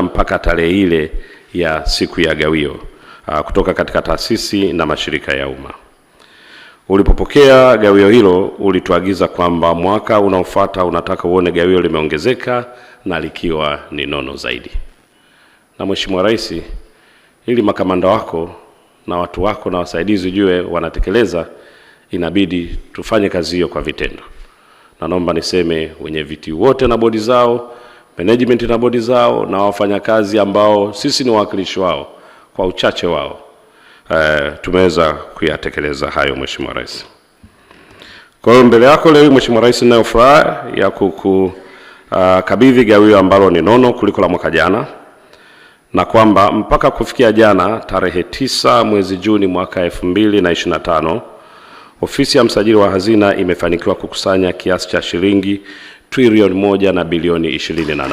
mpaka tarehe ile ya siku ya gawio uh, kutoka katika taasisi na mashirika ya umma. Ulipopokea gawio hilo, ulituagiza kwamba mwaka unaofuata unataka uone gawio limeongezeka na likiwa ni nono zaidi. Na Mheshimiwa Rais, ili makamanda wako na watu wako na wasaidizi ujue wanatekeleza, inabidi tufanye kazi hiyo kwa vitendo, na naomba niseme wenye viti wote na bodi zao management na bodi zao na wafanyakazi ambao sisi ni wawakilishi wao kwa uchache wao. e, tumeweza kuyatekeleza hayo Mheshimiwa Rais. Kwa hiyo mbele yako leo Mheshimiwa Rais, ninayo furaha ya kukukabidhi ah, uh, gawio ambalo ni nono kuliko la mwaka jana na kwamba mpaka kufikia jana tarehe tisa mwezi Juni mwaka 2025 ofisi ya msajili wa hazina imefanikiwa kukusanya kiasi cha shilingi trilioni moja na bilioni 28.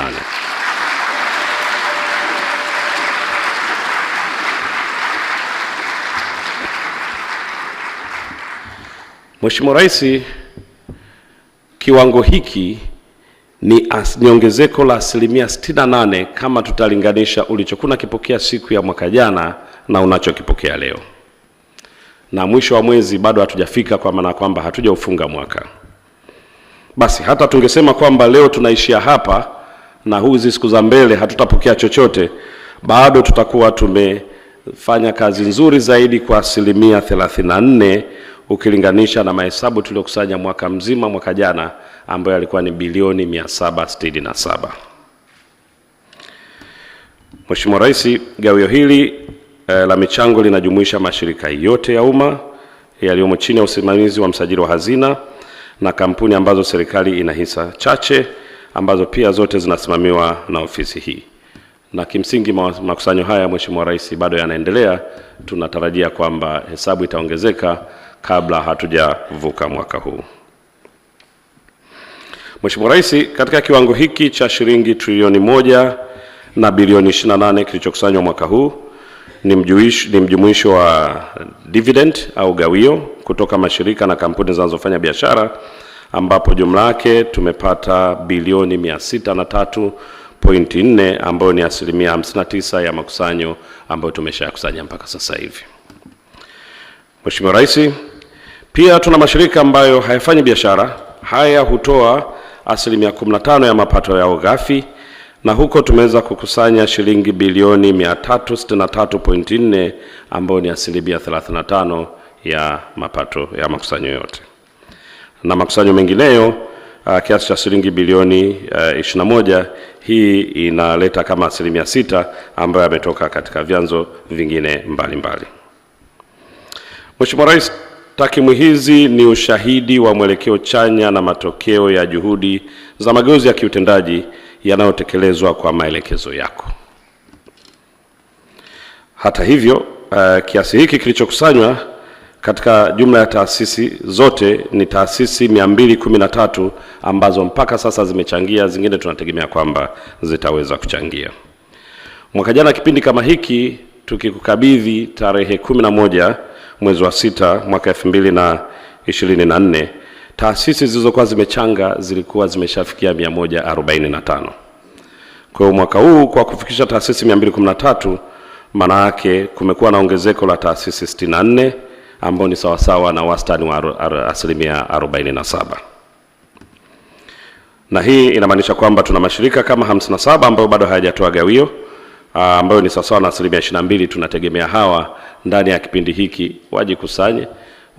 Mheshimiwa Rais, kiwango hiki ni, as, ni ongezeko la asilimia 68 kama tutalinganisha ulichokuna kipokea siku ya mwaka jana na unachokipokea leo, na mwisho wa mwezi bado hatujafika, kwa maana kwamba hatujaufunga mwaka basi hata tungesema kwamba leo tunaishia hapa na huzi siku za mbele hatutapokea chochote, bado tutakuwa tumefanya kazi nzuri zaidi kwa asilimia 34 ukilinganisha na mahesabu tuliyokusanya mwaka mzima mwaka jana ambayo yalikuwa ni bilioni 767. Mheshimiwa Rais, gawio hili eh, la michango linajumuisha mashirika yote ya umma yaliyomo chini ya usimamizi wa msajili wa hazina na kampuni ambazo serikali ina hisa chache ambazo pia zote zinasimamiwa na ofisi hii. Na kimsingi makusanyo haya, Mheshimiwa Rais, bado yanaendelea. Tunatarajia kwamba hesabu itaongezeka kabla hatujavuka mwaka huu. Mheshimiwa Rais, katika kiwango hiki cha shilingi trilioni moja na bilioni 28 kilichokusanywa mwaka huu ni mjuish, ni mjumuisho wa dividend au gawio kutoka mashirika na kampuni zinazofanya biashara ambapo jumla yake tumepata bilioni 603.4 ambayo ni asilimia 59 ya makusanyo ambayo tumeshayakusanya mpaka sasa hivi. Mheshimiwa Rais, pia tuna mashirika ambayo hayafanyi biashara. Haya hutoa asilimia 15 ya mapato yao ghafi na huko tumeweza kukusanya shilingi bilioni 363.4 ambayo ni asilimia 35 ya mapato ya makusanyo yote, na makusanyo mengineyo uh, kiasi cha shilingi bilioni uh, eh, 21. Hii inaleta kama asilimia 6 ambayo yametoka katika vyanzo vingine mbalimbali. Mheshimiwa Rais, takwimu hizi ni ushahidi wa mwelekeo chanya na matokeo ya juhudi za mageuzi ya kiutendaji yanayotekelezwa kwa maelekezo yako. Hata hivyo, uh, kiasi hiki kilichokusanywa katika jumla ya taasisi zote ni taasisi 213 ambazo mpaka sasa zimechangia, zingine tunategemea kwamba zitaweza kuchangia. Mwaka jana kipindi kama hiki tukikukabidhi tarehe 11 mwezi wa sita mwaka 2024 taasisi zilizokuwa zimechanga zilikuwa zimeshafikia 145. Kwa hiyo mwaka huu kwa kufikisha taasisi 213, maana yake kumekuwa na ongezeko la taasisi 64 ambao ni sawasawa na wastani wa asilimia 47, na hii inamaanisha kwamba tuna mashirika kama 57 ambayo bado hayajatoa gawio ah, ambayo ni sawasawa na asilimia 22. Tunategemea hawa ndani ya kipindi hiki wajikusanye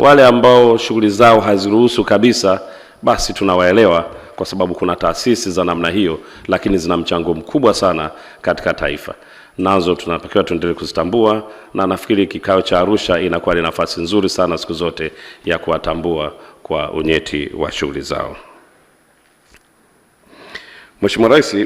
wale ambao shughuli zao haziruhusu kabisa, basi tunawaelewa kwa sababu kuna taasisi za namna hiyo, lakini zina mchango mkubwa sana katika taifa, nazo tunatakiwa tuendelee kuzitambua, na nafikiri kikao cha Arusha inakuwa ni nafasi nzuri sana siku zote ya kuwatambua kwa unyeti wa shughuli zao. Mheshimiwa Rais